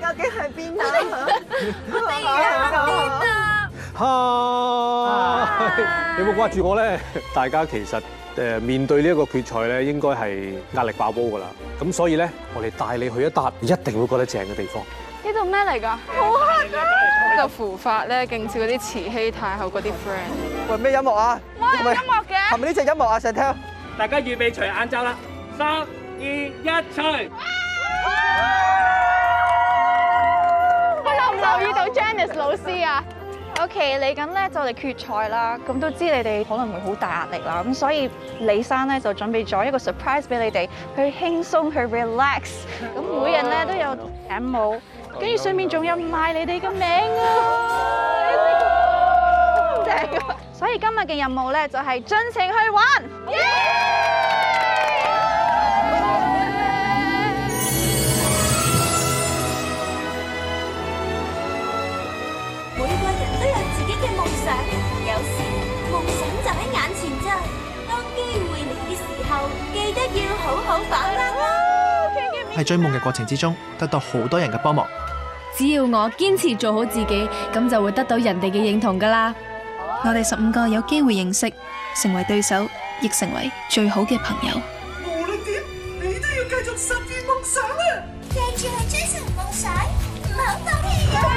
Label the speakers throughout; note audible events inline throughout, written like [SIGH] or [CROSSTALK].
Speaker 1: 究竟
Speaker 2: 係邊度？吓，我有冇掛住我咧？大家其實誒面對呢一個決賽咧，應該係壓力爆煲噶啦。咁所以咧，我哋帶你去一笪一定會覺得正嘅地方
Speaker 3: 這
Speaker 4: 什麼。呢度咩嚟噶？好黑啊！呢個符法咧，勁似嗰啲慈禧太后嗰啲 friend。喂，咩音樂啊？我係音樂嘅。係咪呢隻音樂啊？成聽程，大
Speaker 2: 家預備除眼罩啦！三、二、一，除。
Speaker 3: 遇到 Janice 老師啊
Speaker 4: ，OK 你咁咧就嚟決賽啦，咁都知你哋可能會好大壓力啦，咁所以李生咧就準備咗一
Speaker 2: 個 surprise 俾你哋，去輕鬆去 relax，咁每人咧都有 M 務，跟住上面仲有埋你哋嘅名你啊，即係，所以今日嘅任務咧就係盡情去玩。
Speaker 5: 喺追夢嘅過程之中，得到好多人嘅幫
Speaker 2: 忙。
Speaker 6: 只要我堅持做好自己，咁就會得到人哋嘅認同噶啦。
Speaker 4: 我哋十五個有機會認識，成為對手，亦成為最好嘅朋友。
Speaker 6: 無論點，你都要繼續實現夢想啊！堅持實現夢想，唔好放棄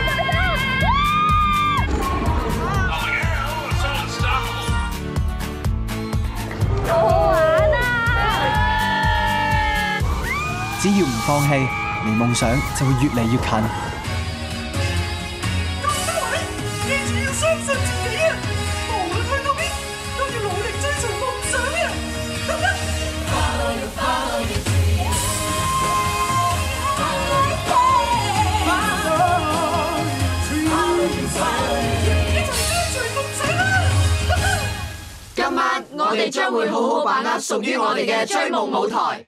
Speaker 7: 啊！只要唔放棄，離夢想就會越嚟越近。咁
Speaker 3: 多位，記住要相信自己啊！
Speaker 6: 無論去到邊，都要努力追尋夢想啊！
Speaker 3: 哈哈。Follow your dreams，Follow your dreams，Follow your dreams，一起追追夢想啊！哈
Speaker 1: 哈。今晚我哋將會好好把握，屬於我哋嘅
Speaker 3: 追夢
Speaker 4: 舞台。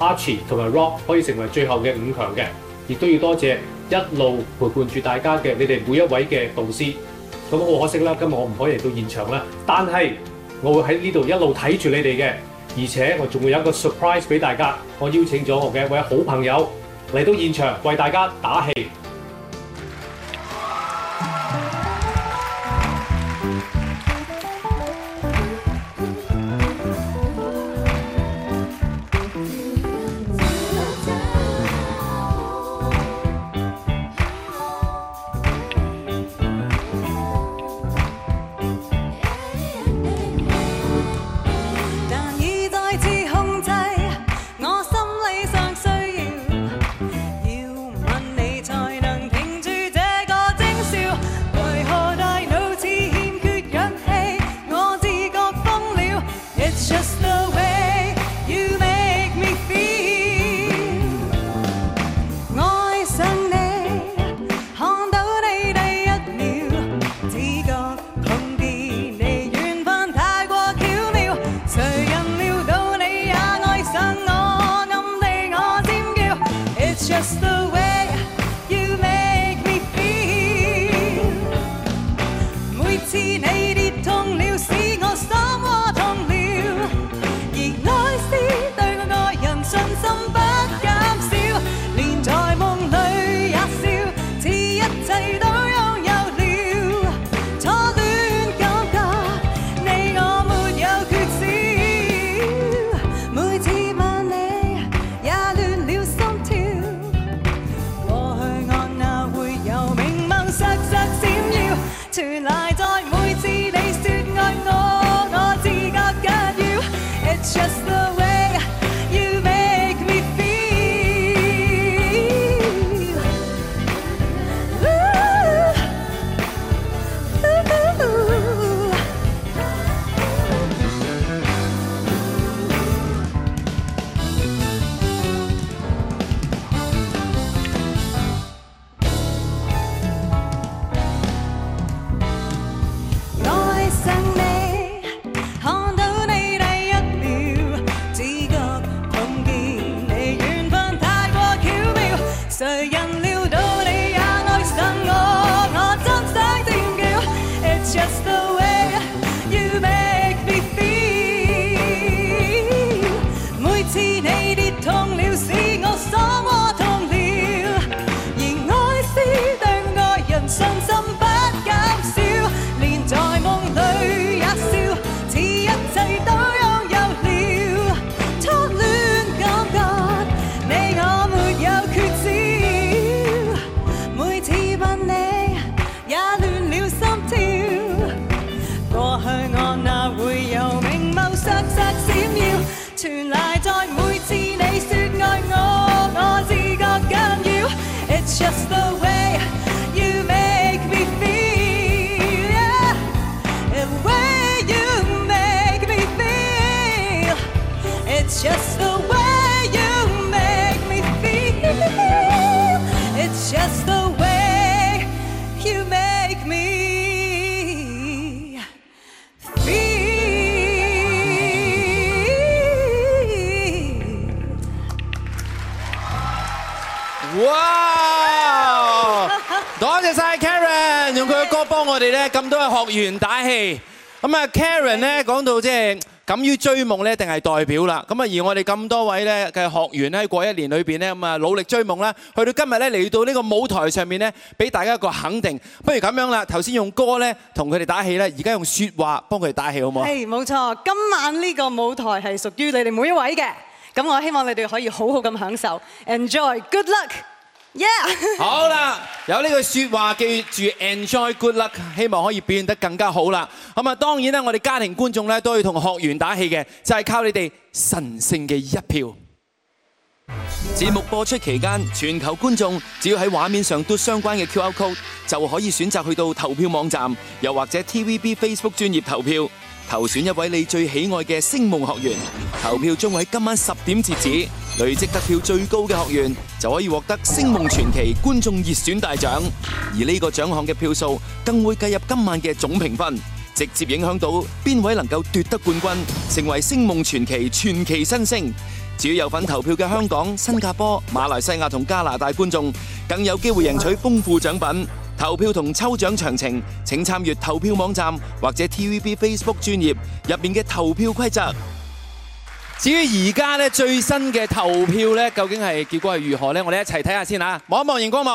Speaker 2: Archie 同埋 Rock 可以成為最後嘅五強嘅，亦都要多謝一路陪伴住大家嘅你哋每一位嘅導師。咁好可惜啦，今日我唔可以嚟到現場啦，但係我會喺呢度一路睇住你哋嘅，而且我仲會有一個 surprise 俾大家。我邀請咗我嘅一位好朋友嚟到現場，為大家打氣。
Speaker 5: 學員打氣，咁啊，Karen 咧講到即係敢於追夢咧，一定係代表啦。咁啊，而我哋咁多位咧嘅學員咧，過一年裏邊咧，咁啊努力追夢啦，去到今日咧，嚟到呢個舞台上面咧，俾大家一個肯定。不如咁樣啦，頭先用歌咧同佢哋打氣咧，而家用説話幫佢哋打氣好唔好啊？誒，
Speaker 8: 冇錯，今晚呢個舞台係屬於你哋每一位嘅。咁我希望你哋可以好好咁享受，enjoy，good luck。Yeah.
Speaker 5: 好啦，有呢句說話記住，enjoy good luck，希望可以變得更加好啦。咁啊，當然我哋家庭觀眾咧都要同學員打氣嘅，就係、是、靠你哋神聖嘅一票。麼節目播出期間，全球觀眾只要喺畫面上篤相關嘅 QR code，就可以選擇去到投票網站，又或者 TVB Facebook 專頁投票。投選一位你最喜愛嘅星夢學員，投票將喺今晚十點截止，累積得票最高嘅學員就可以獲得星夢傳奇觀眾熱選大獎，而呢個獎項嘅票數更會計入今晚嘅總評分，直接影響到邊位能夠奪得冠軍，成為星夢傳奇傳奇新星。至於有份投票嘅香港、新加坡、馬來西亞同加拿大觀眾，更有機會贏取豐富獎品。投票同抽獎詳情，請參閱投票網站或者 TVB Facebook 專頁入面嘅投票規則。至於而家咧，最新嘅投票咧，究竟係結果係如何呢？我哋一齊睇下先吓，望一望熒光幕。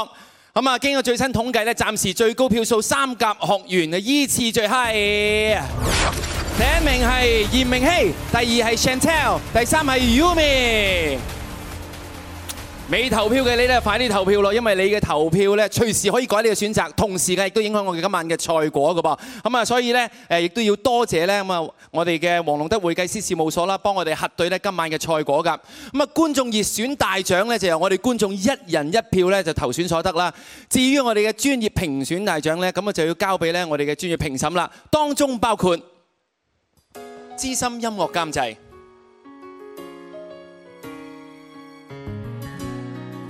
Speaker 5: 咁啊，經過最新統計咧，暫時最高票數三甲學員啊，依次最嗨。第一名係嚴明熙，第二係 Chantelle，第三係 Yumi。未投票嘅你咧，快啲投票咯，因為你嘅投票咧隨時可以改你嘅選擇，同時嘅亦都影響我哋今晚嘅賽果噶噃。咁啊，所以咧誒，亦都要多謝咧咁啊，我哋嘅黃龍德會計師事務所啦，幫我哋核對咧今晚嘅賽果噶。咁啊，觀眾熱選大獎咧就由我哋觀眾一人一票咧就投選所得啦。至於我哋嘅專業評選大獎咧，咁啊就要交俾咧我哋嘅專業評審啦，當中包括。資深音樂監製、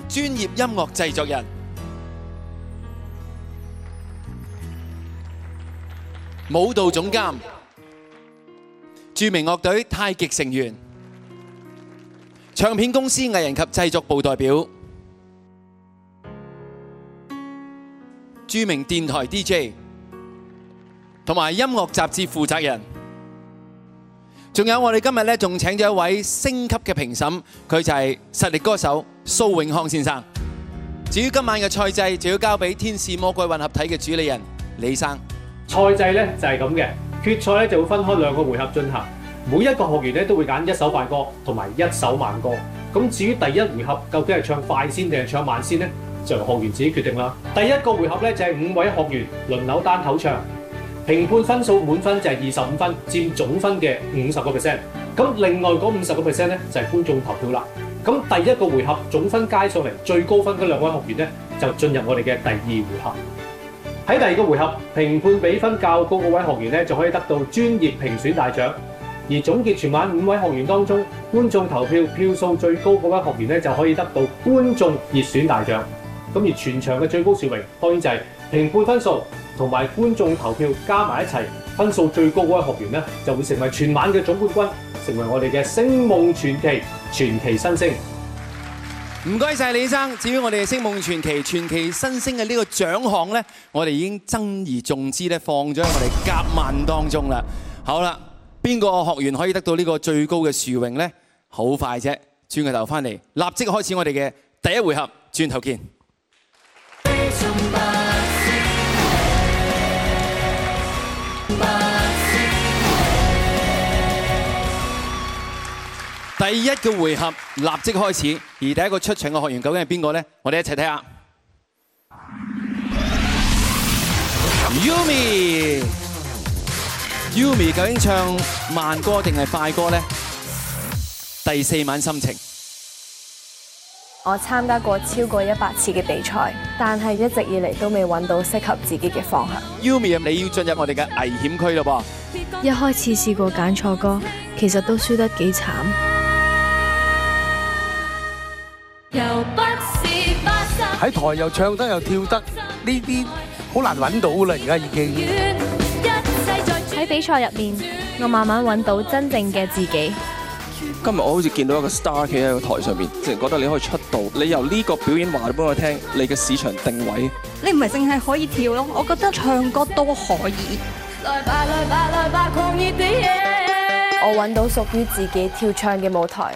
Speaker 5: 專業音樂製作人、舞蹈總監、著名樂隊太極成員、唱片公司藝人及製作部代表、著名電台 DJ、同埋音樂雜誌負責人。仲有我哋今日呢，仲請咗一位星級嘅評審，佢就係實力歌手蘇永康先生。至於今晚嘅賽制，就要交畀《天使魔鬼混合體》嘅主理人李生。
Speaker 2: 賽制呢，就係咁嘅，決賽呢，就會分開兩個回合進行。每一個學員呢，都會揀一首快歌同埋一首慢歌。咁至於第一回合究竟係唱快先定係唱慢先呢，就由學員自己決定啦。第一個回合呢，就係五位學員輪流單口唱。評判分數滿分就係二十五分，佔總分嘅五十個 percent。咁另外嗰五十個 percent 呢，就係觀眾投票啦。咁第一個回合總分加上嚟最高分嗰兩位學員呢，就進入我哋嘅第二回合。喺第二個回合評判比分較高嗰位學員呢，就可以得到專業評選大獎。而總結全晚五位學員當中觀眾投票票數最高嗰位學員呢，就可以得到觀眾熱選大獎。咁而全場嘅最高殊榮當然就係。評判分數同埋觀眾投票加埋一齊，分數最高嗰位學員呢，就會成為全晚嘅總冠軍，成為我哋嘅聲夢傳奇傳奇新星。唔該晒李生，至於我
Speaker 5: 哋嘅聲夢傳奇傳奇新星嘅呢個獎項呢，我哋已經珍而重之咧放咗喺我哋夾萬當中啦。好啦，邊個學員可以得到呢個最高嘅殊榮呢？好快啫，轉個頭翻嚟，立即開始我哋嘅第一回合，轉頭見。第一個回合立即開始，而第一個出場嘅學員究竟係邊個呢？我哋一齊睇下。Yumi，Yumi 究竟唱慢歌定係快歌呢？第四晚心情，
Speaker 6: 我參加過超過一百次嘅比賽，但係一直以嚟都未揾到適合自己嘅方向。
Speaker 5: Yumi，你要進入我哋嘅危險區咯噃！
Speaker 6: 一開始試過揀錯歌，其實都輸得幾
Speaker 2: 慘。喺台又唱得又跳得，呢啲好難揾到啦，而家已經
Speaker 6: 喺比賽入面，我慢慢揾到真正嘅自己。
Speaker 2: 今日我好似見到一個 star 企喺個台上面，突然覺得你可以出道。你由呢個表演話到俾我聽，你嘅市場定位，
Speaker 3: 你
Speaker 4: 唔係淨係可以跳咯，我覺得唱歌都可以。我揾到屬於自己跳唱嘅舞台。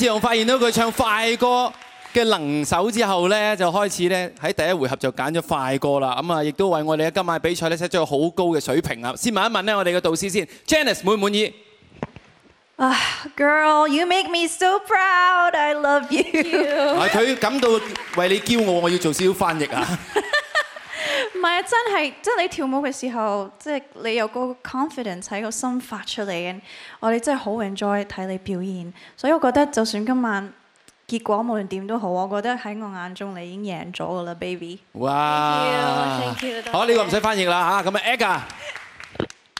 Speaker 5: 自從發現到佢唱快歌嘅能手之後咧，就開始咧喺第一回合就揀咗快歌啦。咁啊，亦都為我哋喺今晚嘅比賽咧，寫咗好高嘅水平啊！先問一問咧，我哋嘅導師先，Janice 滿唔滿意
Speaker 8: ？Girl, you make me so proud.
Speaker 6: I love you.
Speaker 2: 啊，佢
Speaker 5: 感到為你驕傲，我要做少少翻譯啊。
Speaker 2: 唔係啊，真係，即係你跳舞嘅時候，即係你有個 confidence 喺個心發出嚟嘅。我哋真係好 enjoy 睇你表演，所以我覺得就算今晚結果無論點都好，我覺得喺我眼中你已經贏咗㗎啦，baby。哇，謝謝！
Speaker 5: 謝謝。好，呢個唔使翻譯啦嚇，咁啊，Aga。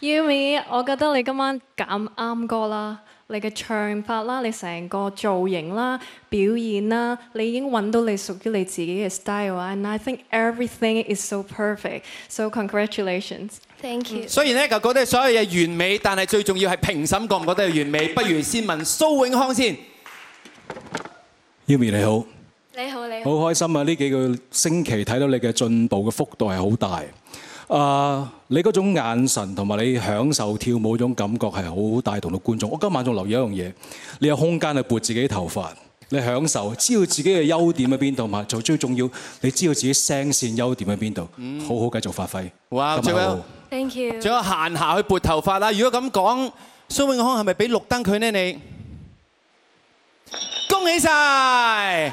Speaker 4: Yumi，我覺得你今晚揀啱歌啦。你嘅唱法啦，你成個造型啦、表演啦，你已經揾到你屬於你自己嘅 style。And I think everything is so perfect. So congratulations, thank
Speaker 6: you。
Speaker 5: 雖然咧，我覺得所有嘢完美，但係最重要係評審覺唔覺得係完美？不如先問蘇永康先。
Speaker 7: Yumi 你，你好。你好
Speaker 3: 你好。好
Speaker 7: 開心啊！呢幾個星期睇到你嘅進步嘅幅度係好大。啊！你嗰種眼神同埋你享受跳舞種感覺係好帶動到觀眾。我今晚仲留意一樣嘢，你有空間去撥自己的頭髮，你享受，知道自己嘅優點喺邊度嘛？最最重要，你知道自己的聲線優點喺邊度，好好繼續發揮。哇！Thank you。
Speaker 9: 仲
Speaker 7: 有閒暇去撥頭髮啦！如果
Speaker 5: 咁講，蘇永康係咪俾綠燈佢呢？你，
Speaker 9: 恭喜
Speaker 5: 晒。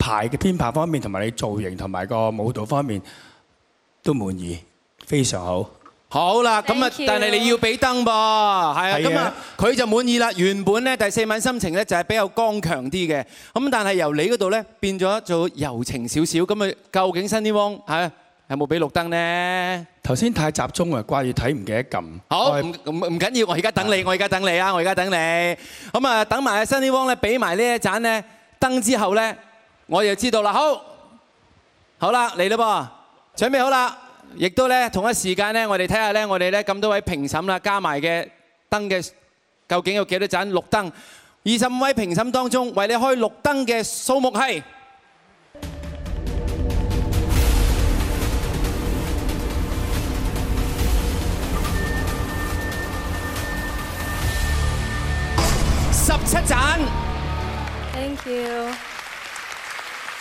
Speaker 2: 排嘅編排方面同埋你造型同埋個舞蹈方面都滿意，非常好。好啦，
Speaker 5: 咁啊，但係你要俾燈噃，係啊，咁啊，佢就滿意啦。原本咧第四晚心情咧就係比較剛強啲嘅，咁但係由你嗰度咧變咗做柔情少少。咁啊，究竟 Sunny Wong 係有冇俾綠燈咧？頭先太集中啊，掛住睇唔記得撳。好，唔唔唔緊要，我而家等你，我而家等你啊，我而家等你。咁啊，等埋啊 Sunny Wong 咧俾埋呢一盞咧燈之後咧。我哋就知道啦，好，好啦，嚟啦噃，準備好啦，亦都同一時間咧，我哋睇下咧，我哋咧咁多位評審啦，加埋嘅燈嘅究竟有幾多盞綠燈？二十五位評審當中，為你開綠燈嘅數目係十七盞。
Speaker 6: Thank you.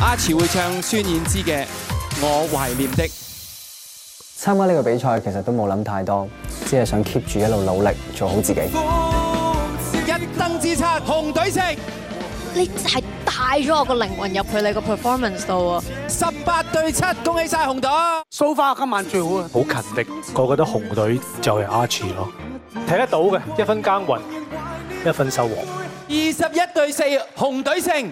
Speaker 5: 阿馳會唱孫燕姿嘅《我懷
Speaker 7: 念的》。參加呢個比賽其實都冇諗太多，只係想 keep 住一路努力做好自己。
Speaker 5: 一燈之差，紅隊勝。你係帶咗我個靈魂入去你個 performance 度啊！十八對七，恭喜晒紅
Speaker 2: 隊。So far 今晚最好啊！好勤力，我覺得紅隊就係阿馳咯。睇得到嘅，一分耕耘，一分收穫。二十一對四，紅隊
Speaker 1: 勝。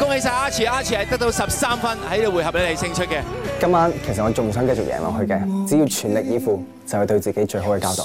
Speaker 1: 恭喜
Speaker 5: 晒阿慈，阿慈係得到十三分喺度回合畀你勝出嘅。
Speaker 7: 今晚其實我仲想繼續贏落去嘅，只要全力以赴就係對自己最好嘅交代。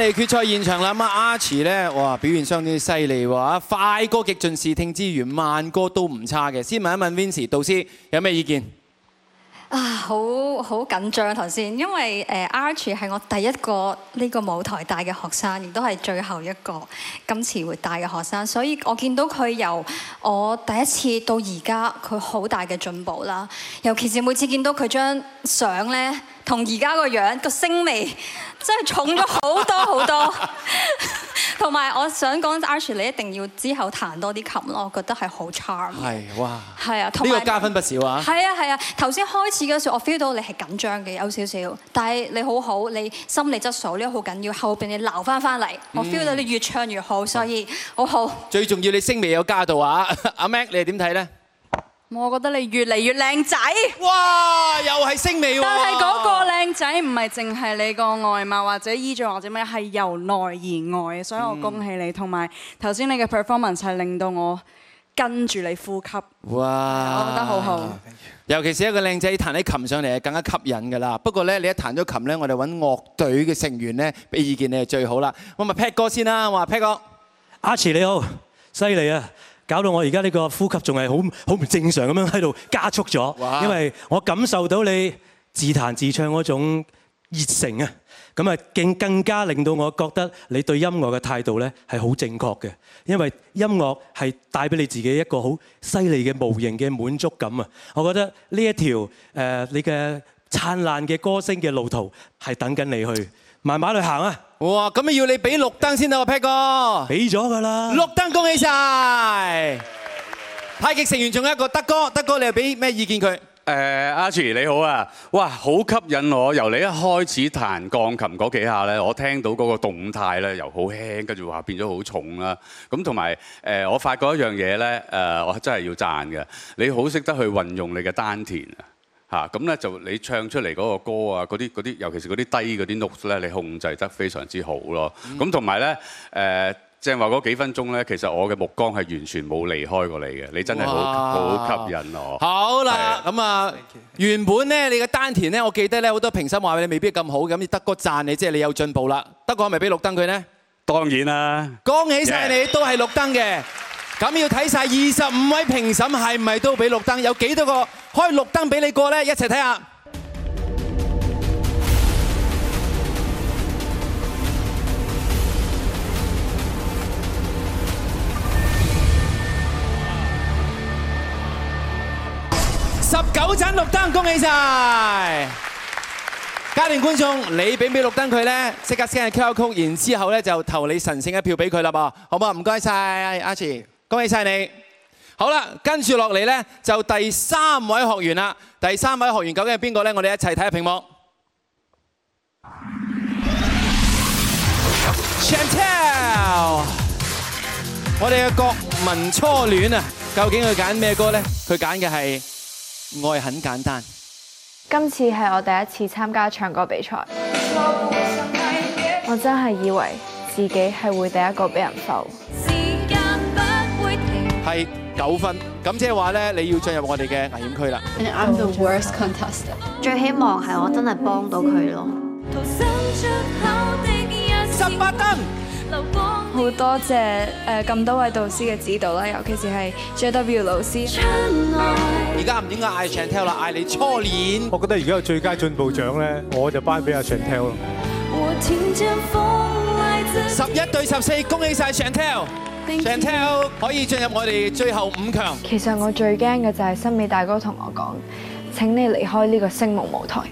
Speaker 5: 嚟決賽現場啦！阿 Archie 咧，哇，表現相當犀利喎，快歌極盡視聽之娛，慢歌都唔差嘅。先問一問 Vincy 導師有咩意見？
Speaker 4: 啊，好好緊張頭先，因為誒 Archie 係我第一個呢個舞台帶嘅學生，亦都係最後一個今次會帶嘅學生，所以我見到佢由我第一次到而家，佢好大嘅進步啦。尤其是每次見到佢張相咧。同而家個樣個聲味真係重咗好多好多，同埋我想講 Archie，你一定要之後彈多啲琴咯，我覺得係好 charm。
Speaker 3: 係哇，
Speaker 4: 係啊，呢個加分
Speaker 5: 不少啊。係
Speaker 4: 啊係啊，頭先開始嗰時我 feel 到你係緊張嘅，有少少，但係你好好，你心理質素呢個好緊要，後邊你撈翻翻嚟，我 feel 到你越唱越好，所
Speaker 6: 以好、嗯、所以好。
Speaker 5: 最重要的你聲味有加到啊，阿 Mac 你點睇咧？
Speaker 6: 我覺得你越嚟越靚仔，哇！又係星味喎。但係嗰個靚仔唔係淨
Speaker 8: 係你個外貌或者衣着，或者咩，係由內而外，所以我恭喜你。同埋頭先你嘅 performance 係令到我跟住你呼吸，
Speaker 5: 哇！我覺得好好。謝謝。尤其是一個靚仔彈啲琴上嚟係更加吸引㗎啦。不過咧，你一彈咗琴咧，我哋揾樂隊嘅成員咧俾意見你係最好啦。我咪 Pat 哥先啦，話、啊、Pat 哥，
Speaker 2: 阿馳你好，犀利啊！搞到我而家呢個呼吸仲係好好唔正常咁樣喺度加速咗，因為我感受到你自彈自唱嗰種熱誠啊！咁啊，更更加令到我覺得你對音樂嘅態度咧係好正確嘅，因為音樂係帶俾你自己一個好犀利嘅無形嘅滿足感啊！我覺得呢一條誒你嘅燦爛嘅歌聲嘅路途係等緊你去。慢慢去行啊！哇，咁要你俾綠燈先得喎，啊、Pat 哥。俾咗
Speaker 5: 噶啦。綠燈，恭喜晒太極成員仲有一個德哥，德哥你又俾咩意見佢？誒，
Speaker 2: 阿琪，你好啊！哇，好吸引我。由你一開始彈鋼琴嗰幾下咧，我聽到嗰個動態咧，又好輕跟住話變咗好重啦。咁同埋誒，我發覺一樣嘢咧，誒，我真係要讚嘅，你好識得去運用你嘅丹田啊！嚇，咁咧就你唱出嚟嗰個歌啊，嗰啲嗰啲尤其是嗰啲低嗰啲 note 咧，你控制得非常之好咯。咁同埋咧，誒正話嗰幾分鐘咧，其實我嘅目光係完全冇離開過你嘅，你真係好好吸引我。
Speaker 5: 好啦，咁啊，原本咧你嘅丹田咧，我記得咧好多評審話俾你未必咁好嘅，咁德哥讚你即係你有進步啦。德哥係咪俾綠燈佢咧？當然啦。恭喜晒你 Yeah. 都係綠燈嘅。咁要睇晒二十五位評審係咪都畀綠燈？有幾多個開綠燈畀你過咧？一齊睇下。十九盞綠燈，恭喜晒。家庭觀眾，你畀唔畀綠燈佢咧？即刻先 scan 個 QR code，然之後咧就投你神聖一票俾佢啦噃，好唔好？唔該晒，謝謝阿馳。恭喜晒你！好啦，跟住落嚟呢，就第三位學員啦。第三位學員究竟係邊個呢？我哋一齊睇下屏幕。Chantelle，我哋嘅國民初戀啊，究竟佢揀咩歌呢？佢揀嘅係《愛很簡單》。
Speaker 4: 今次係我第一次參加唱歌比賽，我真係以為自己係會第一個俾人浮。
Speaker 5: 係九分，咁即係話咧，你要進入我哋嘅危險區啦。
Speaker 6: And I'm the worst
Speaker 4: contest。最希望係我真係幫到佢
Speaker 6: 咯。十八分。
Speaker 4: 好多謝誒咁、呃、多位導師嘅指導啦，尤其是係 JW 老師。
Speaker 2: 而家唔應該嗌 Chantelle 啦，嗌你初練。我覺得而家有最佳進步獎咧，我就頒俾阿 Chantelle
Speaker 5: 咯。十一對十四，恭喜晒 Chantelle！Thank c h 可以進入我哋最後五強。其實我最驚嘅就係新美大
Speaker 4: 哥同我講，請你離開呢個星夢舞台。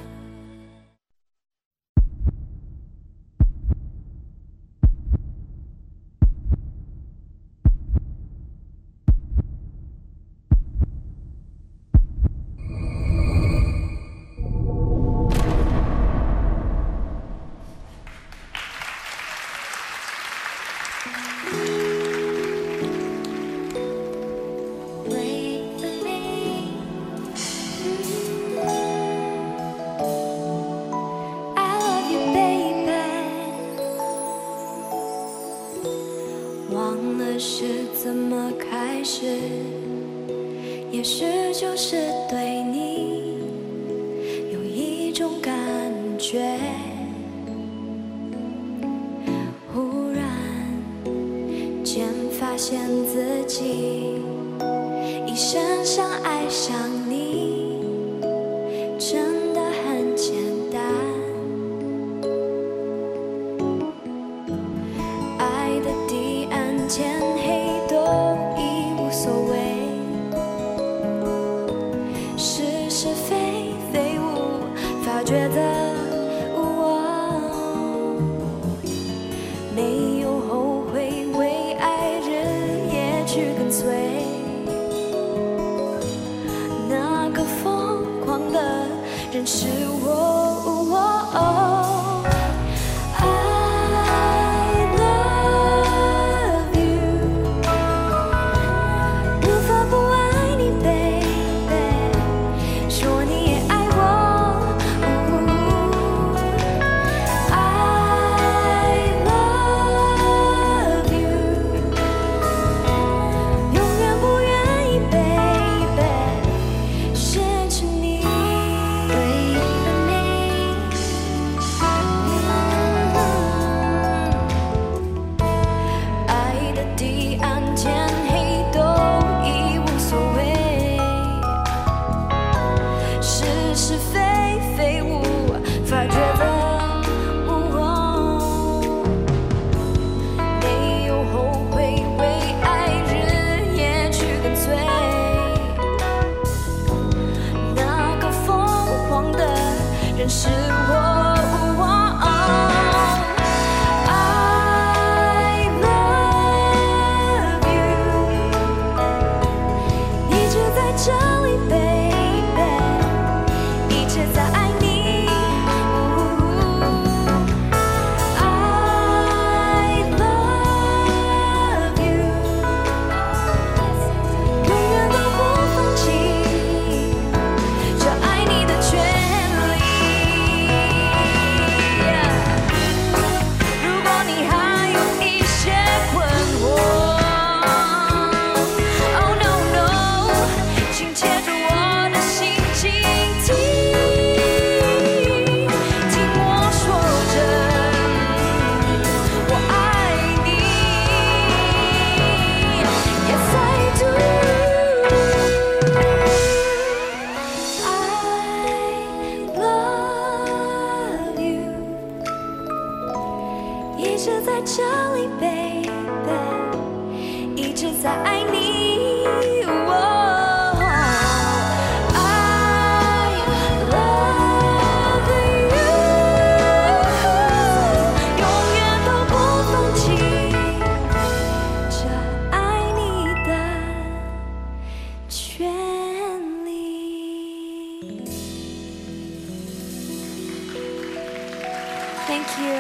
Speaker 6: Thank
Speaker 5: you。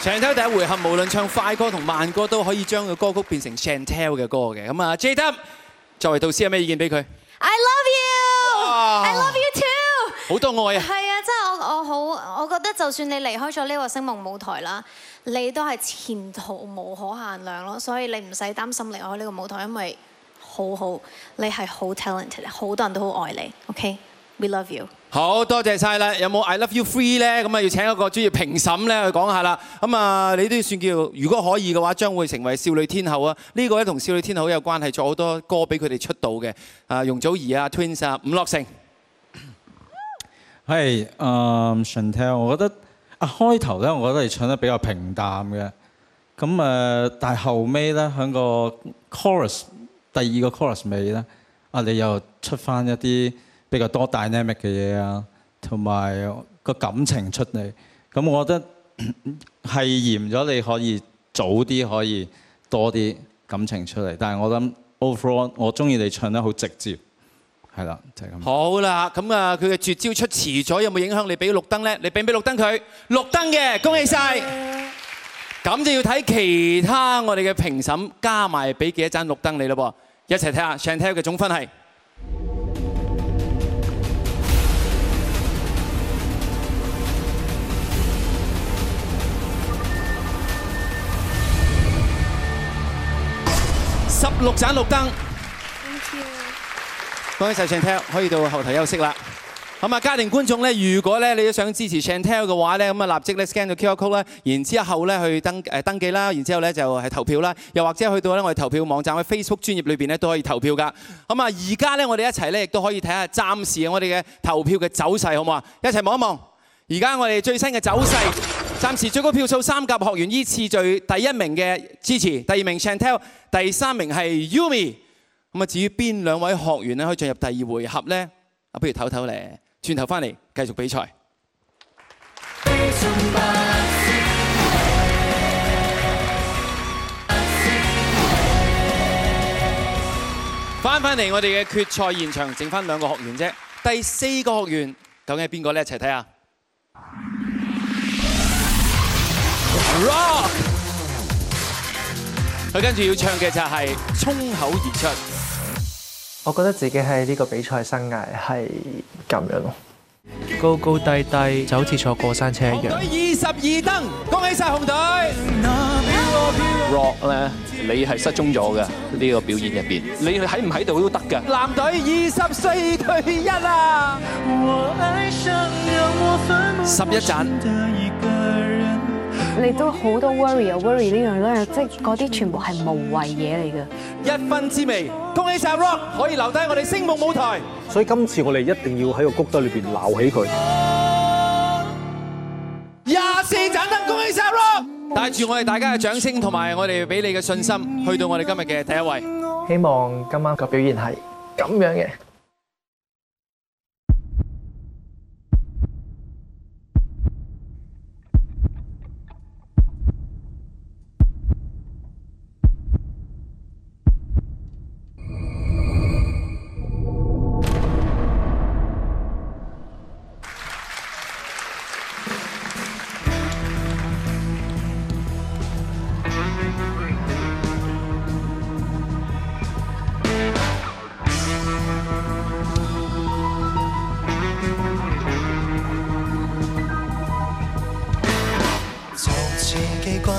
Speaker 5: Chantel 第一回合，無論唱快歌同慢歌，都可以將個歌曲變成 Chantel 嘅歌嘅。咁啊 Jade、um, 作為導師有咩意見俾佢
Speaker 6: ？I love you。Wow. I love you too。
Speaker 5: 好多愛啊！係
Speaker 6: 啊，真係我我好，我覺得就算你離開咗呢個星夢舞台啦，你都係前途無可限量咯。所以你唔使擔心離開呢個舞台，因為好好，你係好 talented，好
Speaker 4: 多人都好愛你。OK。We love
Speaker 5: you 好。好多謝晒啦！有冇 I love you free 咧？咁啊，要請一個專業評審咧去講下啦。咁啊，你都算叫，如果可以嘅話，將會成為少女天后啊！呢、呢個咧同少女天后有關係，做好多歌俾佢哋出道嘅。啊，容祖兒啊，Twins 啊，伍、啊、樂城。
Speaker 7: 係啊、hey, uh, Chantel 我覺得啊，開頭咧，我覺得係唱得比較平淡嘅。咁啊，uh, 但係後尾咧，喺個 chorus 第二個 chorus 尾咧，你又出翻一啲。比較多 dynamic 嘅嘢啊，同埋個感情出嚟，咁我覺得係嫌咗，你可以早啲可以多啲感情出嚟。但係我諗 overall，我中意你唱得好直接，係啦，就係咁。
Speaker 5: 好啦，咁啊，佢嘅絕招出遲咗，有冇影響你俾綠燈咧？你俾唔俾綠燈佢？綠燈嘅，恭喜曬！咁就要睇其他我哋嘅評審加埋俾幾多盞綠燈你啦噃，一齊睇下 Chantelle 嘅總分係。十六盞綠燈，
Speaker 3: 多
Speaker 5: 謝，多謝晒。Chantel 可以到後台休息啦。咁啊，家庭觀眾咧，如果咧你都想支持 Chantel 嘅話咧，咁啊立即咧 scan 到 QR Code 咧，然之後咧去登誒登記啦，然之後咧就係、是、投票啦，又或者去到咧我哋投票網站嘅 Facebook 專頁裏邊咧都可以投票噶。咁啊，而家咧我哋一齊咧亦都可以睇下暫時我哋嘅投票嘅走勢，好唔好啊？一齊望一望。而家我哋最新嘅走勢，暫時最高票數三甲學員依次序第一名嘅支持，Gigi，第二名 Chantelle，第三名係 Yumi。咁啊，至於邊兩位學員咧可以進入第二回合呢？啊，不如唞唞咧，轉頭翻嚟繼續比賽。翻返嚟我哋嘅決賽現場，剩翻兩個學員啫。第四個學員究竟係邊個咧？一齊睇下。佢跟住要唱嘅就係衝口而出，
Speaker 2: 我覺得自己喺呢個比賽
Speaker 1: 生涯係咁樣咯，高高低低就好似坐過山車一樣。紅隊
Speaker 5: 二十二燈，恭喜晒紅隊。Rock 咧，你係失蹤咗嘅呢個表演入邊，你喺唔喺度都得噶。藍隊二十四退一啊，十一盞。
Speaker 4: 你都好多 worry 啊，worry 呢樣嗰樣，即係嗰啲全部係
Speaker 5: 無謂嘢嚟嘅。一分之微，恭喜曬 Rock 可以留低我哋聲夢舞台。
Speaker 2: 所以今次我哋一定要喺個谷底裏邊鬧起佢。
Speaker 5: 廿四盞燈，恭喜曬 Rock！帶住我哋大家嘅掌聲同埋我哋俾你嘅信心，去到我哋今日嘅第一位。希望今晚嘅表現係咁樣嘅。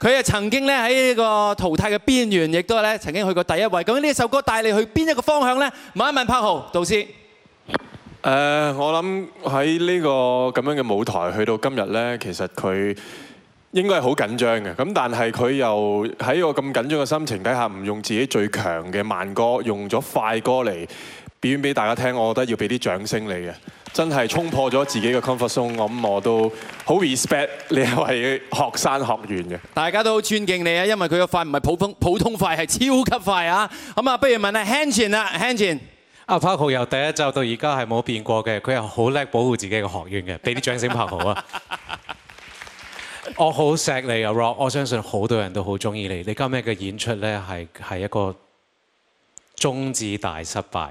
Speaker 5: 佢係曾經咧喺呢個淘汰嘅邊緣，亦都咧曾經去過第一位。究竟呢首歌帶你去邊一個方向呢？問一問柏豪導師。
Speaker 2: 誒，我諗喺呢個咁樣嘅舞台，去到今日呢，其實佢應該係好緊張嘅。咁但係佢又喺一個咁緊張嘅心情底下，唔用自己最強嘅慢歌，用咗快歌嚟表演俾大家聽。我覺得要俾啲掌聲你嘅。真係衝破咗自己嘅 comfort zone，咁我都好 respect 你係學生學員嘅。
Speaker 5: 大家都好尊敬你啊，因為佢個快唔係普通普通快，係超級快啊！咁啊，不如問下 Hanson 啦，Hanson。
Speaker 10: 阿 Paul 由第一集到而家係冇變過嘅，佢係好叻保護自己嘅學院嘅，俾啲掌聲柏豪啊！ [LAUGHS] 我好錫你啊，Rock！我相信好多人都好中意你。你今日嘅演出咧係係一個終止大失敗。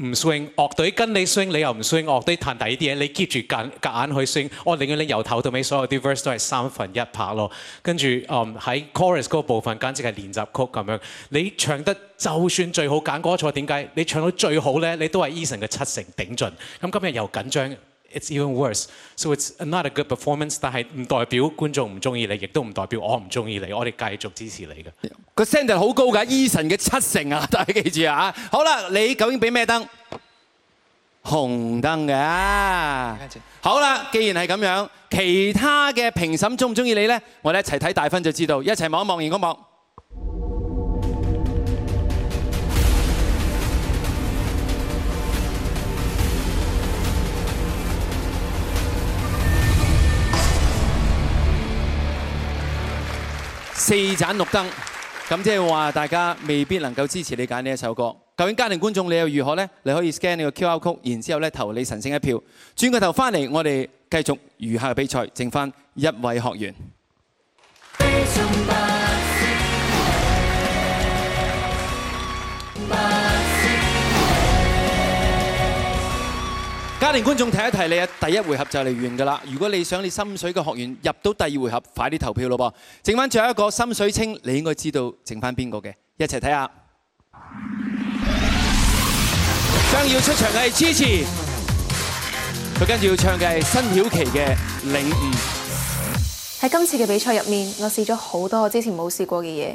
Speaker 10: 唔 swing 樂隊跟你 swing 你又唔 swing 樂隊彈底啲嘢，你 keep 住夾夾硬去 swing。我寧願你由頭到尾所有啲 verse 都係三分一拍咯。跟住嗯喺 chorus 嗰部分簡直係練習曲咁樣。你唱得就算最好揀歌錯，點解你唱到最好呢？你都係 Eason 嘅七成頂盡。咁今日又緊張。It's even worse, so it's not a good performance。但係唔代表觀眾唔中意你，亦都唔代表我唔中意你。我哋繼續支持你嘅。個聲就好高㗎，Eason
Speaker 5: 嘅七成啊！大家記住啊嚇。好啦，你究竟俾咩燈？紅燈嘅。好啦，既然係咁樣，其他嘅評審中唔中意你咧？我哋一齊睇大分就知道，一齊望一望熒光幕。四盞綠燈，咁即係話大家未必能夠支持你揀呢一首歌。究竟家庭觀眾你又如何呢？你可以 scan 你個 QR code，然之後咧，投你神聖一票。轉個頭翻嚟，我哋繼續餘下嘅比賽，剩翻一位學員。 [MUSIC] 家庭觀眾睇一睇你啊！第一回合就嚟完噶啦，如果你想你心水嘅學員入到第二回合，快啲投票咯噃！剩翻最後一個心水清，你應該知道剩翻邊個嘅，一齊睇下。將要出場嘅係 Cici，佢跟住要唱嘅係辛曉琪嘅《領悟》。
Speaker 4: 喺今次嘅比賽入面，我試咗好多我之前冇試過嘅嘢。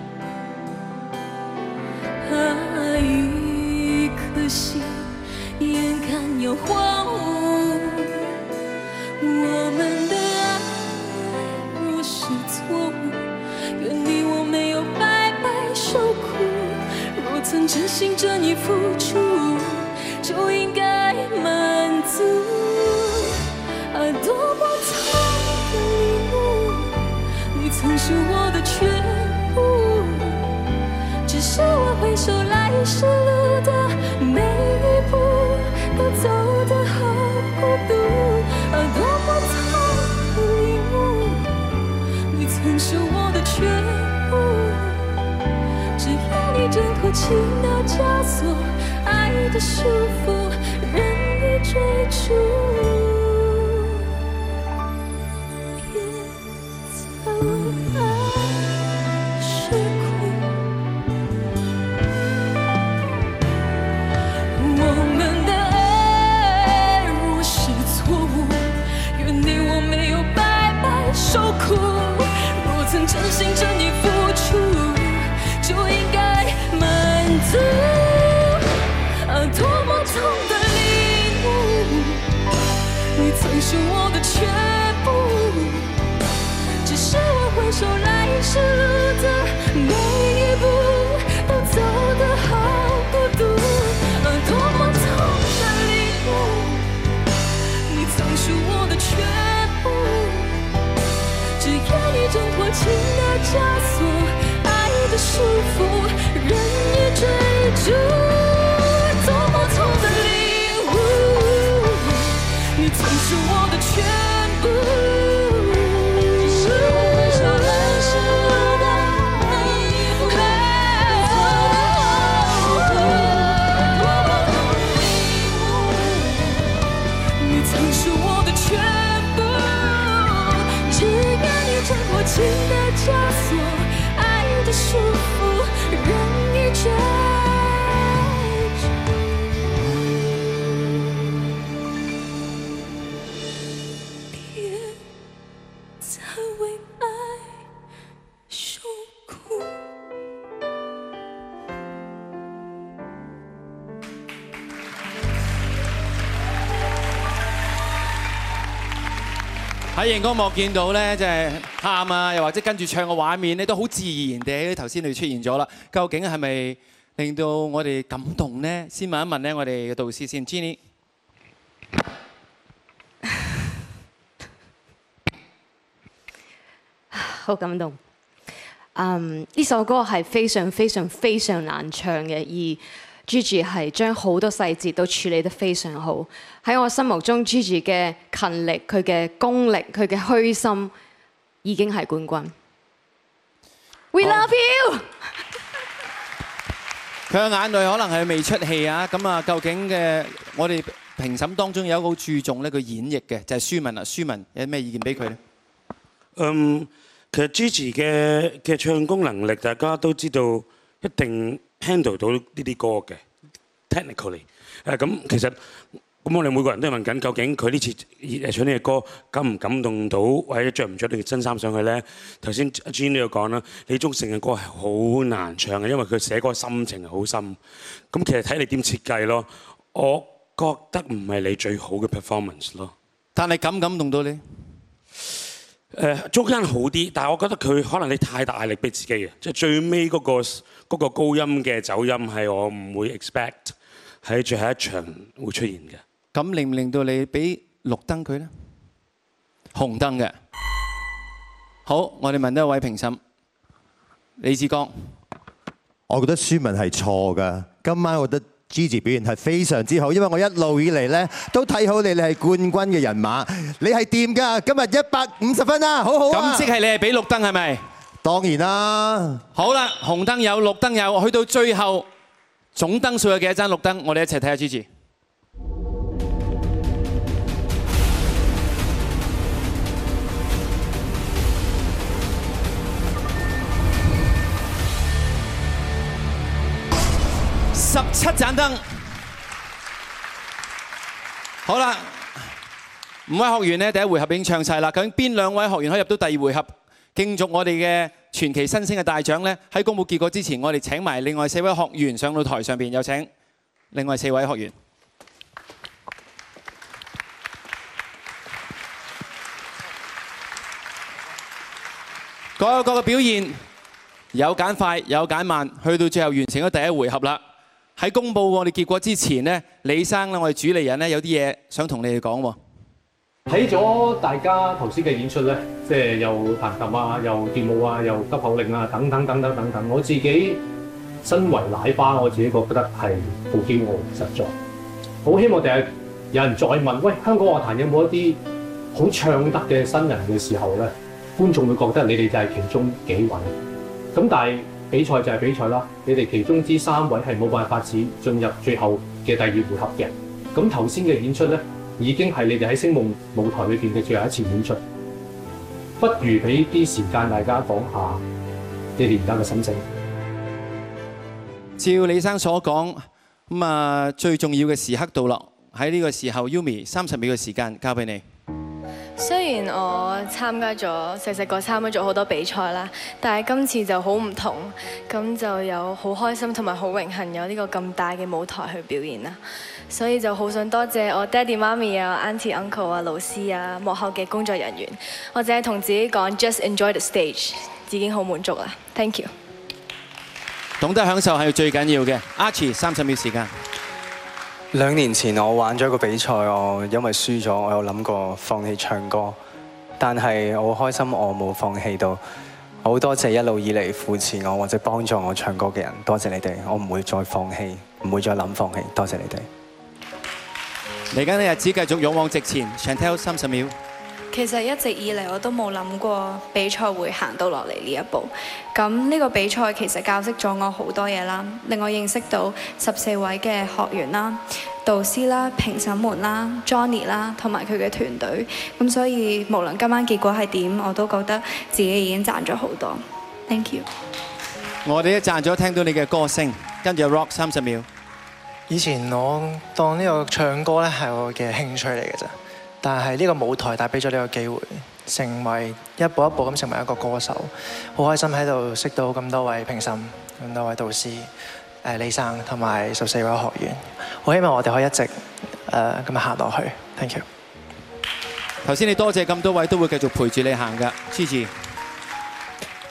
Speaker 5: 我望見到咧，即係喊啊，又或者跟住唱嘅畫面咧，都好自然地喺頭先度出現咗啦。究竟係咪令到我哋感動咧？先問一問咧，我哋嘅導師先，Jenny，
Speaker 4: 好感動。嗯，呢首歌係非常非常非常難唱嘅，而 Gigi 係將好多細節都處理得非常好，喺我心目中 Gigi 嘅勤力、佢嘅功力、佢嘅虛心已經係冠軍。
Speaker 6: We love
Speaker 4: you。
Speaker 5: 佢嘅眼淚可能係未出戲啊！咁啊，究竟嘅我哋評審當中有一個注重呢個演繹嘅就係、是、舒文啦。舒文有咩意見俾佢呢？嗯，um, 其實 Gigi 嘅嘅唱功能力大
Speaker 2: 家都知道一定。handle 到呢啲歌嘅 technically，誒咁其實咁我哋每個人都問緊，究竟佢呢次誒唱呢個歌感唔感動到，或者着唔著啲真衫上去咧？頭先阿 Jian 都有講啦，李宗盛嘅歌係好難唱嘅，因為佢寫歌心情係好深。咁其實睇你點設計咯，我覺得唔係你最好嘅 performance 咯。但係感唔感動到你？誒中間好啲，但係我覺得佢可能你太大壓力俾自己嘅，即係最尾嗰個。嗰個高音嘅走音係我唔會 expect 喺最後一
Speaker 5: 場會出現嘅。咁令唔令到你俾綠燈佢呢？紅燈嘅。好，我哋問多一位評審，李志剛。
Speaker 1: 我覺得舒文係錯㗎。今晚我覺得 Gigi 表現係非常之好，因為我一路以嚟呢都睇好你，你係冠軍嘅人馬，你係掂㗎。今日一百五十分啊，好好啊。咁即
Speaker 5: 係你係俾綠燈係咪？當然啦！好啦，紅燈有，綠燈有，去到最後總燈數有幾多盞綠燈？我哋一齊睇下 Gigi。十七盞燈。好啦，五位學員呢，第一回合已經唱曬啦。究竟邊兩位學員可以入到第二回合？競逐我哋嘅傳奇新星嘅大獎呢。喺公佈結果之前，我哋請埋另外四位學員上到台上面，有請另外四位學員。各有各嘅表現，有揀快有揀慢，去到最後完成咗第一回合啦！喺公佈我哋結果之前呢，李生我哋主理人呢，有啲嘢想同你哋講喎。
Speaker 2: 睇咗大家頭先嘅演出咧，即係又彈琴啊，又跳舞啊，又急口令啊，等等等等等等。我自己身為奶爸，我自己覺得係好驕傲，實在好希望第日有人再問喂，香港樂壇有冇一啲好唱得嘅新人嘅時候咧，觀眾會覺得你哋就係其中幾位。咁但係比賽就係比賽啦，你哋其中之三位係冇辦法只進入最後嘅第二回合嘅。咁頭先嘅演出咧。已經係你哋喺星夢舞台裏邊嘅最後一次演出，不如俾啲時間大家講下你哋而家嘅心情。
Speaker 5: 照李生所講，咁啊最重要嘅時刻到落，喺呢個時候，Yumi 三十秒嘅時間交俾你。
Speaker 6: 雖然我參加咗細細個參加咗好多比賽啦，但係今次就好唔同，咁就有好開心同埋好榮幸有呢個咁大嘅舞台去表演啦。所以就好想多謝我爹地媽咪啊、auntie uncle 啊、老師啊、幕後嘅工作人員。我淨係同自己講，just enjoy the stage，已經好滿足啦。Thank you。
Speaker 5: 懂得享受係最緊要嘅。阿馳三十秒時間。
Speaker 7: 兩年前我玩咗個比賽，我因為輸咗，我有諗過放棄唱歌，但係我好開心，我冇放棄到。好多謝一路以嚟扶持我或者幫助我唱歌嘅人，多謝你哋。我唔會再放棄，唔會再諗放棄。多謝你哋。
Speaker 5: 嚟緊嘅日子繼續勇往直前，Chantelle 三十秒。
Speaker 7: 其實一
Speaker 4: 直以嚟我都冇諗過比賽會行到落嚟呢一步。咁呢個比賽其實教識咗我好多嘢啦，令我認識到十四位嘅學員啦、導師啦、評審們啦、Johnny 啦同埋佢嘅團隊。咁所以無論今晚結果係點，我都覺得自己已經賺咗好多。Thank you。
Speaker 5: 我哋一賺咗，聽到你嘅歌聲，跟住 Rock 三十秒。
Speaker 1: 以前我當呢個唱歌呢係我嘅興趣嚟嘅啫，但係呢個舞台帶俾咗呢個機會，成為一步一步咁成為一個歌手，好開心喺度識到咁多位評審、咁多位導師、誒李生同埋十四位學員，好希望我哋可
Speaker 5: 以一直誒咁樣行落去。Thank you。頭先你多謝咁多位都會繼續陪住你行㗎，黐住。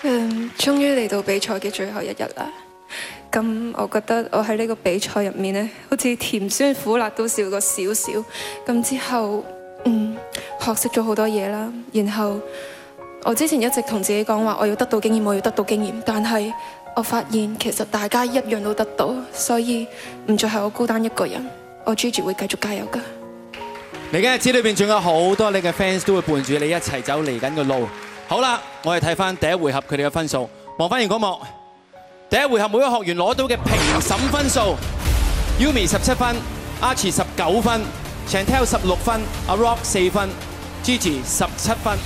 Speaker 5: 誒，
Speaker 4: 終於嚟到比賽嘅最後一日啦。咁我覺得我喺呢個比賽入面呢，好似甜酸苦辣都笑過少少。咁之後，嗯，學識咗好多嘢啦。然後我之前一直同自己講話，我要得到經驗，我要得到經驗。但係，我發現其實大家一樣都得到，所以唔再係我孤單一個人。我 Gigi 會繼續加油㗎。
Speaker 5: 嚟緊日子裏面，仲有好多你嘅 fans 都會伴住你一齊走嚟緊個路。好啦，我哋睇翻第一回合佢哋嘅分數，望翻完嗰幕。第一回合每位學員攞到嘅評審分數，Yumi 十七分，Archie 十九分，Chantelle 十六分，A Rock 四分，Gigi 十七分。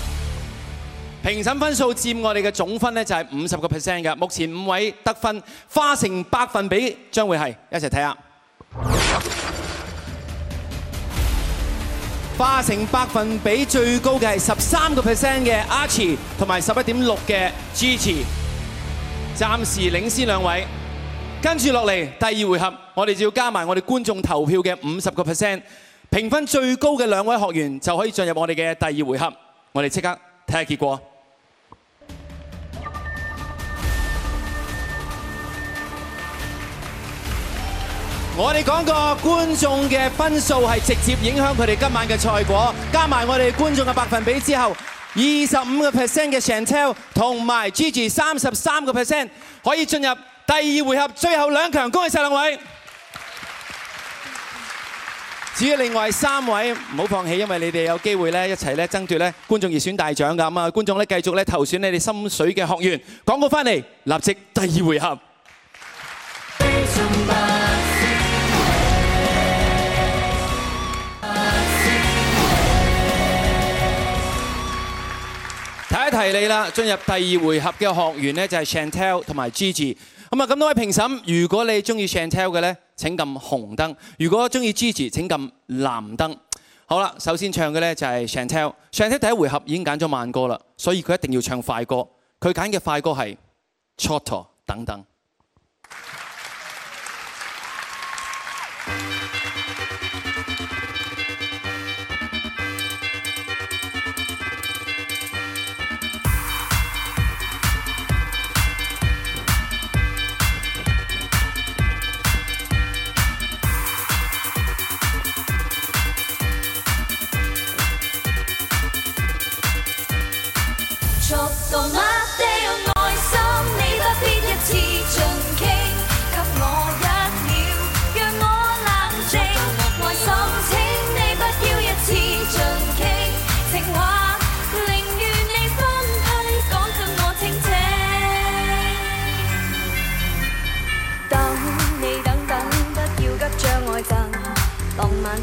Speaker 5: 分評審分數佔我哋嘅總分呢，就係五十個 percent 嘅。目前五位得分化成百分比，將會係一齊睇下。化成百分比最高嘅係十三個 percent 嘅 Archie，同埋十一點六嘅 Gigi。暫時領先兩位，跟住落嚟第二回合，我哋就要加埋我哋觀眾投票嘅五十個 percent，評分最高嘅兩位學員就可以進入我哋嘅第二回合。我哋即刻睇下結果。我哋講過觀眾嘅分數係直接影響佢哋今晚嘅賽果，加埋我哋觀眾嘅百分比之後，二十五個 percent，嘅 Chantelle，同埋 Gigi 三十三個 percent，可以進入第二回合，最後兩強，恭喜曬兩位！至於另外三位唔好放棄，因為你哋有機會咧一齊咧爭奪咧觀眾熱選大獎㗎嘛！觀眾咧繼續咧投選咧你哋心水嘅學員，廣告翻嚟，立即第二回合。提你啦，進入第二回合嘅學員呢就係 Chantelle 同埋 Gigi。咁啊，咁多位評審，如果你中意 Chantelle 嘅呢，請撳紅燈；如果中意 Gigi，請撳藍燈。好啦，首先唱嘅呢就係 Chantelle。Chantelle 第一回合已經揀咗慢歌啦，所以佢一定要唱快歌。佢揀嘅快歌係 Chotto 等等。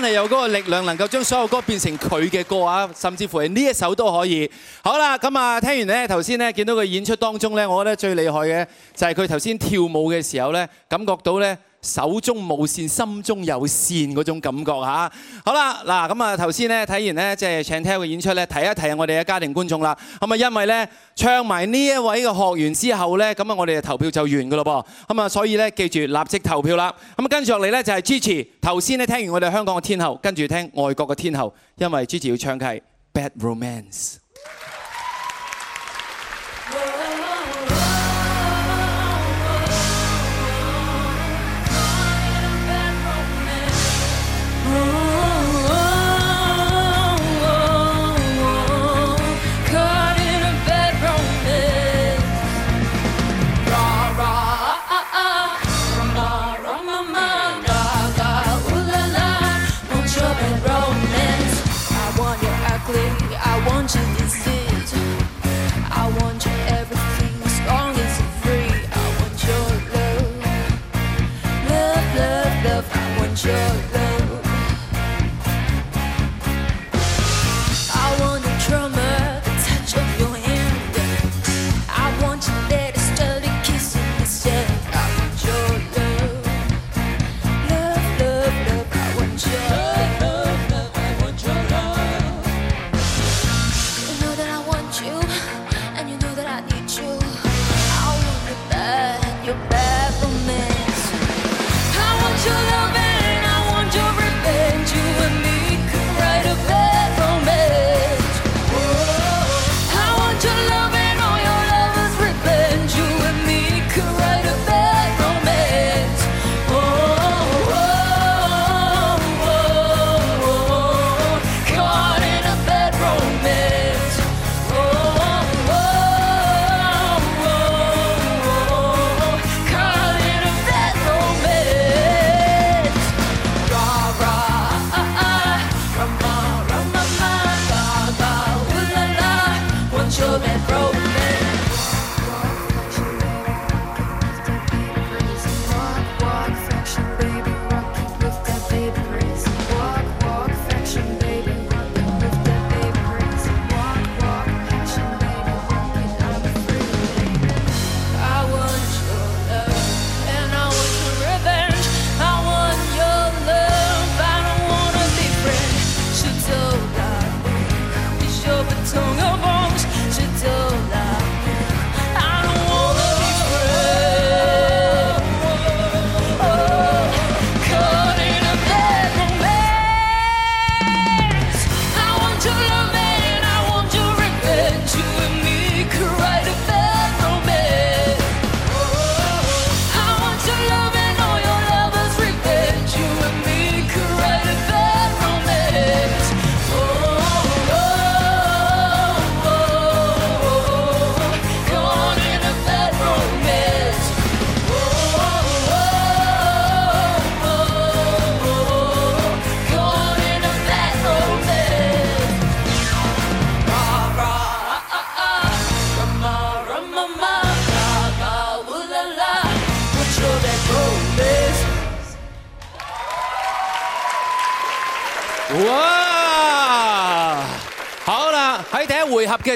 Speaker 5: 真係有嗰個力量，能夠將所有歌變成佢嘅歌啊！甚至乎係呢一首都可以。好啦，咁啊，聽完呢頭先呢見到佢演出當中呢，我覺得最厲害嘅就係佢頭先跳舞嘅時候呢，感覺到呢。手中無線，心中有線嗰種感覺嚇，好啦，嗱咁啊頭先咧睇完咧即係 c h a 嘅演出咧，睇一睇我哋嘅家庭觀眾啦，咁啊因為咧唱埋呢一位嘅學員之後咧，咁啊我哋嘅投票就完噶咯噃，咁啊所以咧記住立即投票啦，咁啊跟住落嚟咧就係支 i 頭先咧聽完我哋香港嘅天后，跟住聽外國嘅天后，因為支 i 要唱嘅係 Bad Romance。Yeah.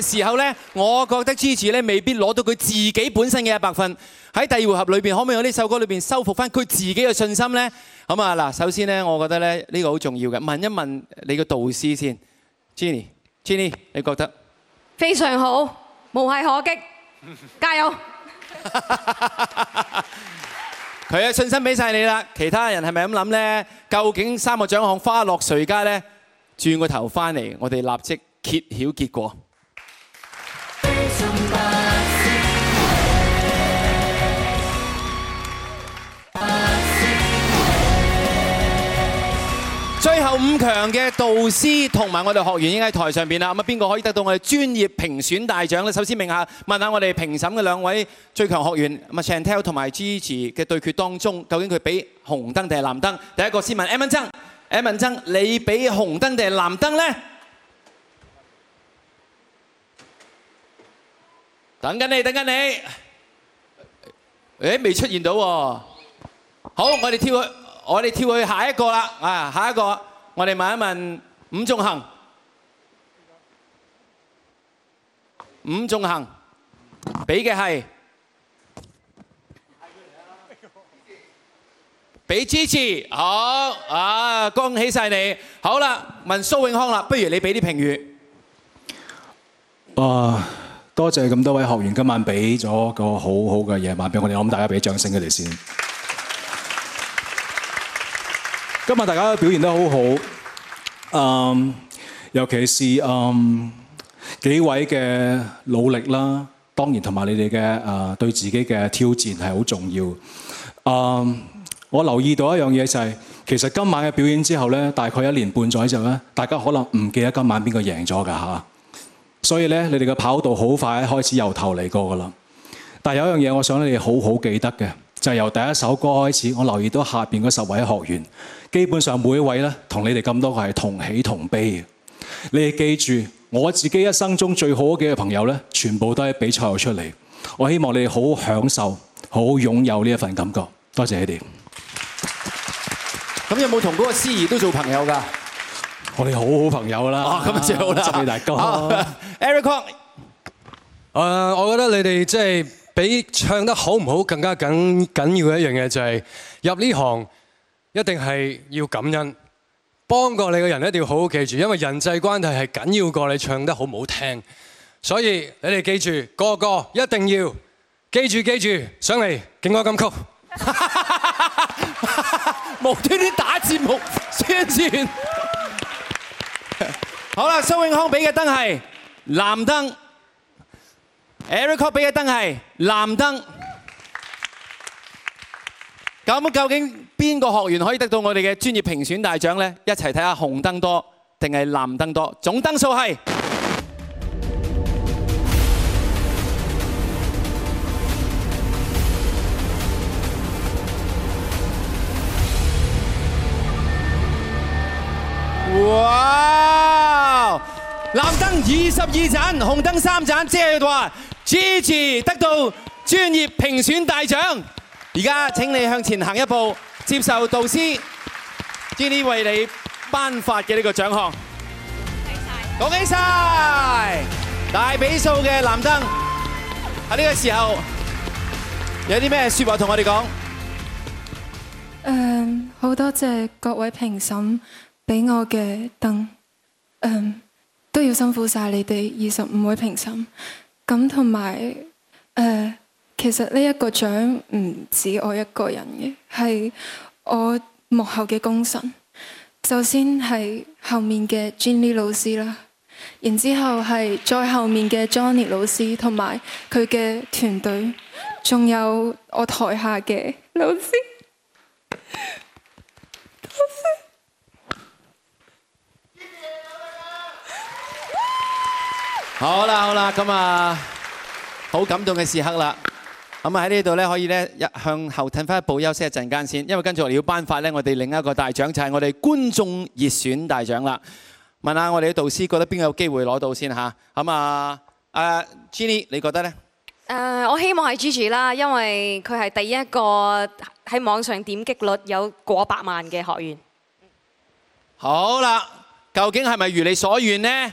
Speaker 5: 時候呢，我覺得 Gigi 呢未必攞到佢自己本身嘅一百分。喺第二回合裏面，可唔可以喺呢首歌裏面修復翻佢自己嘅信心呢？好啊，嗱，首先呢，我覺得呢呢個好重要嘅，問一問你個導師先，Jenny，Jenny，你覺得？
Speaker 4: 非常好，無懈可擊，加油！
Speaker 5: 佢嘅 [LAUGHS] 信心俾晒你啦，其他人係咪咁諗呢？究竟三個獎項花落誰家呢？轉個頭翻嚟，我哋立即揭曉結果。五強嘅導師同埋我哋學員已經喺台上邊啦，咁啊邊個可以得到我哋專業評選大獎咧？首先問下，問下我哋評審嘅兩位最強學員，咁啊 Chantelle 同埋 Gigi 嘅對決當中，究竟佢畀紅燈定係藍燈？第一個先問 Emma 曾，Emma 曾，你畀紅燈定係藍燈咧？等緊你，等緊你，誒未出現到喎？好，我哋跳去，我哋跳去下一個啦，啊下一個。我哋問一問伍仲衡，伍仲衡俾嘅係俾支持，好啊，恭喜晒你。好啦，問蘇永康啦，不如你俾啲評語。
Speaker 7: 啊，多謝咁多位學員今晚俾咗個好好嘅夜晚俾我哋，我諗大家俾啲掌聲俾佢哋先。今日大家都表現得好好，誒，尤其是誒、嗯、幾位嘅努力啦，當然同埋你哋嘅誒對自己嘅挑戰係好重要。誒、嗯，我留意到一樣嘢就係、是，其實今晚嘅表演之後呢，大概一年半載之後呢，大家可能唔記得今晚邊個贏咗㗎嚇。所以呢，你哋嘅跑道好快開始由頭嚟過㗎啦。但有一樣嘢，我想你哋好好記得嘅。就由第一首歌開始，我留意到下面嗰十位學員，基本上每一位呢，同你哋咁多個係同喜同悲嘅。你哋記住，我自己一生中最好嘅朋友呢，全部都喺比賽度出嚟。我希望你哋好好享受、好好擁有呢一份感覺。多謝你哋。咁有
Speaker 5: 冇同嗰個司儀都做朋友㗎？我哋好好朋友啦。哇、哦，咁最好啦，祝大吉。
Speaker 2: Eric Kong，誒，uh, 我覺得你哋真係。就是比唱得好唔好更加緊緊要嘅一樣嘢就係入呢行一定係要感恩，幫過你嘅人一定要好好記住，因為人際關係係緊要過你唱得好唔好聽。所以你哋記住，個個一定要記住記住,記住，上嚟勁歌金曲， [LAUGHS] 無端端打
Speaker 5: 節目宣傳。 [LAUGHS] 好啦，蘇永康俾嘅燈係藍燈。Eric Kwok 俾嘅燈係藍燈，咁究竟邊個學員可以得到我哋嘅專業評選大獎呢？一齊睇下紅燈多定係藍燈多？總燈數係哇，藍燈二十二盞，紅燈三盞，即係話。Gigi 得到專業評選大獎，而家請你向前行一步，接受導師 Judy 為你頒發嘅呢個獎項。恭喜晒，大比數嘅藍燈喺呢個時候有啲咩說話同我哋講？
Speaker 4: 嗯，好多謝各位評審俾我嘅燈，嗯，都要辛苦晒你哋二十五位評審。咁同埋誒，其實呢一個獎唔止我一個人嘅，係我幕後嘅功臣。首先係後面嘅 Jenny 老師啦，然之後係再後面嘅 Johnny 老師同埋佢嘅團隊，仲有，有我台下嘅老師。老師
Speaker 5: 好啦，好啦，咁啊，好感動嘅時刻啦，咁啊喺呢度咧可以咧向後褪翻一步休息一陣間先，因為跟住我哋要頒發咧我哋另一個大獎就係、是、我哋觀眾熱選大獎啦。問下我哋嘅導師覺得邊個有機會攞到先吓，咁啊，誒、啊、Jenny 你覺得咧？
Speaker 4: 誒我希望係 Gigi 啦，因為佢係第一個喺網上點擊率有過百萬嘅學員。
Speaker 5: 好啦，究竟係咪如你所願呢？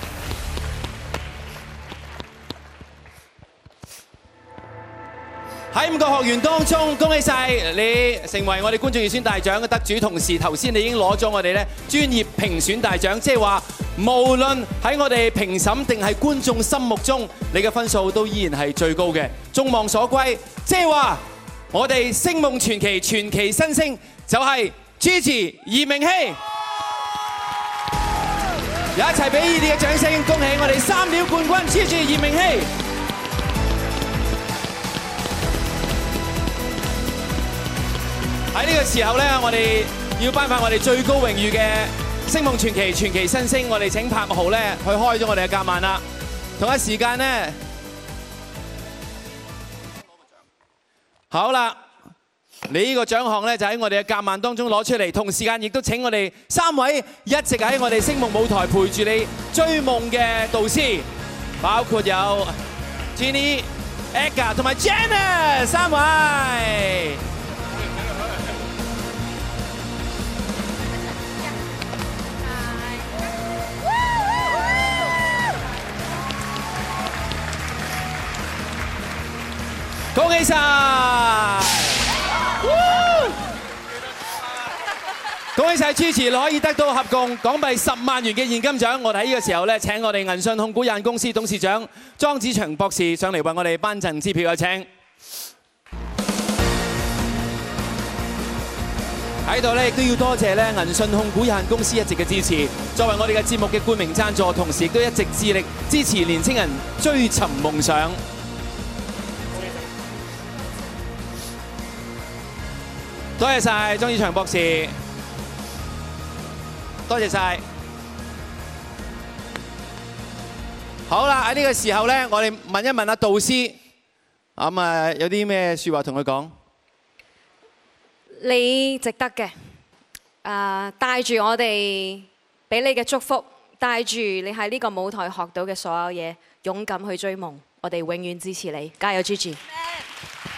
Speaker 5: 喺五個學員當中，恭喜曬你成為我哋觀眾熱選大獎嘅得主，同時頭先你已經攞咗我哋咧專業評選大獎，即係話無論喺我哋評審定係觀眾心目中，你嘅分數都依然係最高嘅，眾望所歸。即係話我哋聲夢傳奇傳奇新星就係 Gigi 炎明熹，一齊俾熱烈嘅掌聲，恭喜我哋三料冠軍 Gigi 炎明熹！喺呢個時候咧，我哋要頒發我哋最高榮譽嘅《星夢傳奇》傳奇新星，我哋請柏豪咧去開咗我哋嘅夾萬啦。同一時間咧，好啦，你呢個獎項咧就喺我哋嘅夾萬當中攞出嚟。同時間亦都請我哋三位一直喺我哋星夢舞台陪住你追夢嘅導師，包括有 Jenny、Edgar 同埋 Janet 三位。恭喜曬！恭喜曬！支持可以得到合共港幣十萬元嘅現金獎，我哋喺呢個時候呢，請我哋銀信控股有限公司董事長莊子祥博士上嚟為我哋頒贈支票，有請！喺度呢，亦都要多謝呢銀信控股有限公司一直嘅支持，作為我哋嘅節目嘅冠名贊助，同時亦都一直致力支持年輕人追尋夢想。多謝晒，鍾志祥博士。多謝晒，好啦，喺呢個時候咧，我哋問一問阿導師，咁誒有啲咩説話同佢講？
Speaker 4: 你值得嘅。誒，帶住我哋俾你嘅祝福，帶住你喺呢個舞台學到嘅所有嘢，勇敢去追夢。我哋永遠支持你，加油，Gigi！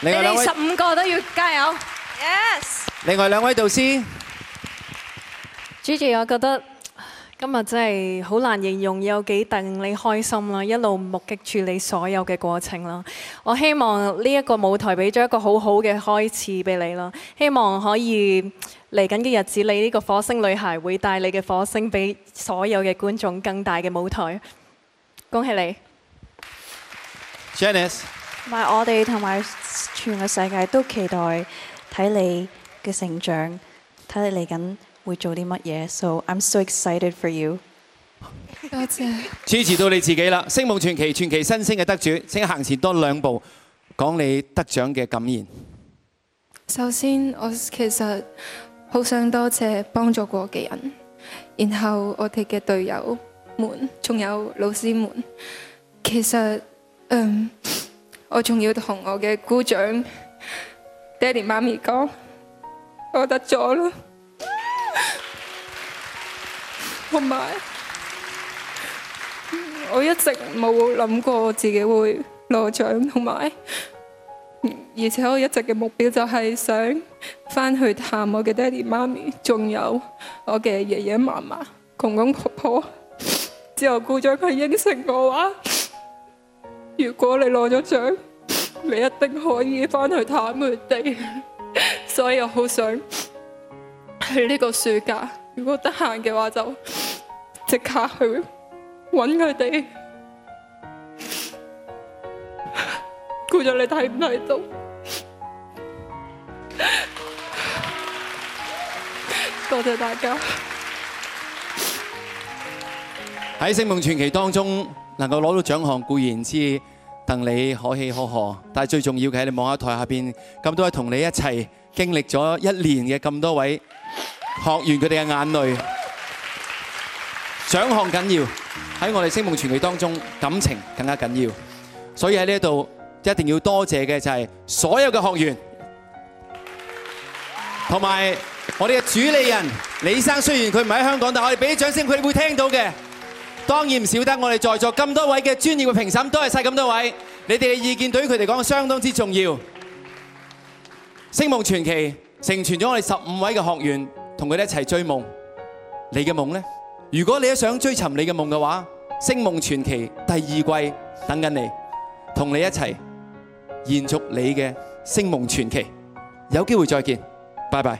Speaker 5: 你哋十五
Speaker 4: 個都要加油！Yes.
Speaker 5: 另外兩位導師
Speaker 4: ，Gigi，我覺得今日真係好難形容有幾戥你開心啦，一路目擊住你所有嘅過程啦。我希望呢一個舞台俾咗一個好好嘅開始俾你啦。希望可以嚟緊嘅日子，你呢個火星女孩會帶你嘅火星俾所有嘅觀眾更大嘅舞台。恭喜你
Speaker 5: j a n i c e 同
Speaker 4: 埋我哋同埋全個世界都期待。睇你嘅成長，睇你嚟緊會做啲乜嘢，so I'm so excited for you。
Speaker 3: 多謝
Speaker 5: 支持到你自己啦！聲夢傳奇、傳奇新星嘅得主，請行前多兩步講你得獎嘅感言。
Speaker 4: 首先，我其實好想多謝幫助過我嘅人，然後我哋嘅隊友們，仲有老師們。其實，嗯，我仲要同我嘅鼓掌。爹哋媽咪講：我得獎啦！同埋，我一直冇諗過自己會攞獎，同埋，而且我一直嘅目標就係想返去探我嘅爹哋媽咪，仲有我嘅爺爺嫲嫲、公公婆婆。之後，姑丈佢應承我話：如果你攞咗獎，你一定可以翻去探佢哋，所以我好想去呢個暑假，如果得閒嘅話就即刻去搵佢哋。顧仔，你睇唔睇到？多謝大家
Speaker 5: 喺《星夢傳奇》當中能夠攞到獎項，固然之。戥你可喜可賀，但係最重要嘅係你望下台下邊咁多位同你一齊經歷咗一年嘅咁多位學員佢哋嘅眼淚，獎項緊要，喺我哋星夢傳奇當中感情更加緊要，所以喺呢一度一定要多謝嘅就係所有嘅學員，同埋我哋嘅主理人李生，雖然佢唔喺香港，但係我哋俾啲掌聲，佢哋會聽到嘅。當然唔少得我哋在座咁多位嘅專業嘅評審，都係曬咁多位，你哋嘅意見對於佢哋講相當之重要。星夢傳奇成全咗我哋十五位嘅學員，同佢哋一齊追夢。你嘅夢呢？如果你也想追尋你嘅夢嘅話，星夢傳奇第二季等緊你，同你一齊延續你嘅星夢傳奇。有機會再見，拜拜。